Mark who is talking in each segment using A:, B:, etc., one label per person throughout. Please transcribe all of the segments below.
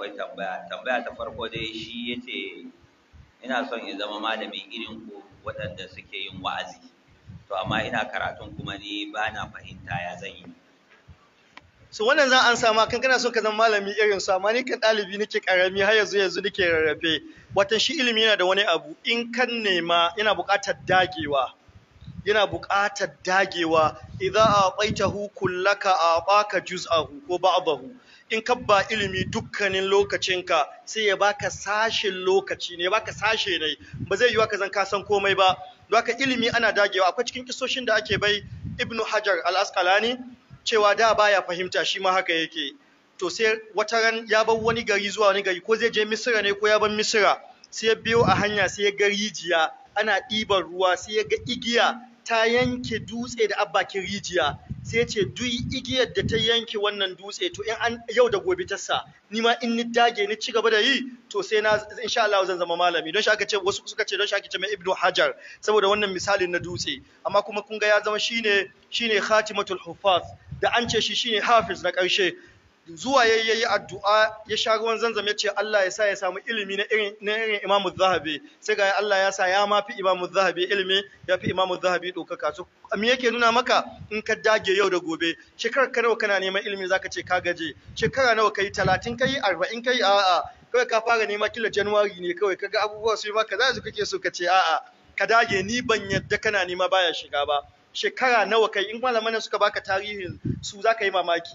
A: akwai tambaya tambaya ta farko dai shi yace ina son in zama malami irin ku waɗanda suke yin wa'azi to amma ina karatun kuma ni ba na fahimta ya zan yi so wannan zan an sama kan kana so ka zama malami irin su amma ni kan ɗalibi nake karami har yanzu yanzu nake rarrafe watan shi ilimi yana da wani abu in kan nema yana buƙatar dagewa yana buƙatar dagewa idza aqaitahu kullaka aqaka juz'ahu ko ba'dahu in ka ba ilimi dukkanin lokacinka sai ya baka sashin lokaci ne baka sashe ne ba zai yiwa ka zan ka san komai ba haka ilimi ana dagewa akwai cikin kisoshin da ake bai ibnu hajar al-asqalani cewa da baya fahimta shi ma haka yake to sai wata ran ya bar wani gari zuwa wani gari ko zai je misira ne ko ya bar misira sai ya biyo a hanya sai ya ga rijiya ana ɗiban ruwa sai ya ga igiya ta yanke dutse da abbakin rijiya sai ce duk igiyar da ta yanke wannan dutse to in an yau da gobe ta sa ni ma in ni dage ni ci gaba da yi to sai na insha Allah zan zama malami don shi aka ce wasu suka ce don shi aka ce mai Ibnu Hajar saboda wannan misalin na dutse amma kuma kun ga ya zama shine shine khatimatul huffaz da an ce shi shine hafiz na ƙarshe. zuwa yayi yayi addu'a ya sha ruwan zanzam ya ce Allah ya sa ya samu ilimi na irin na irin Imam Zahabi sai ga Allah ya sa ya ma fi Imam Zahabi ilimi ya fi Imam Zahabi dokaka so me yake nuna maka in ka dage yau da gobe shekara ka nawa kana neman ilimi zaka ce ka gaje shekara nawa kai 30 kai 40 kai a'a kawai ka fara nema kila January ne kawai kaga abubuwa su yi maka za su kake so ka ce a ka dage ni ban yadda kana nema baya shiga ba shekara nawa kai in malaman suka baka tarihin su zaka yi mamaki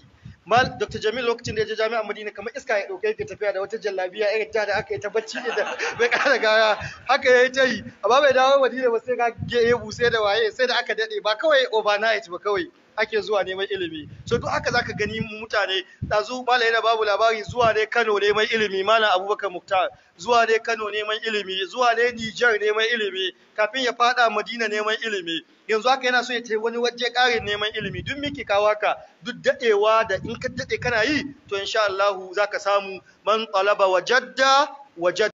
A: mal dr jamil lokacin da ya je jami'an madina kamar iska ya dauke ka tafiya da wata jallabiya irin ta da aka yi ta bacci ne da bai kara gaya haka ya yi ta yi amma bai dawo madina ba sai ga ge geye buse da waye sai da aka dade ba kawai overnight ba kawai ake zuwa neman ilimi so duk haka zaka gani mutane dazu malam na babu labari zuwa ne Kano neman ilimi malam Abubakar Muktar zuwa ne Kano neman ilimi zuwa ne Niger neman ilimi kafin ya fada Madina neman ilimi yanzu haka yana so ya tai wani waje ƙarin neman ilimi duk miki kawo haka duk dadewa da in ka dade kana yi to insha Allah zaka samu man talaba wajadda wajadda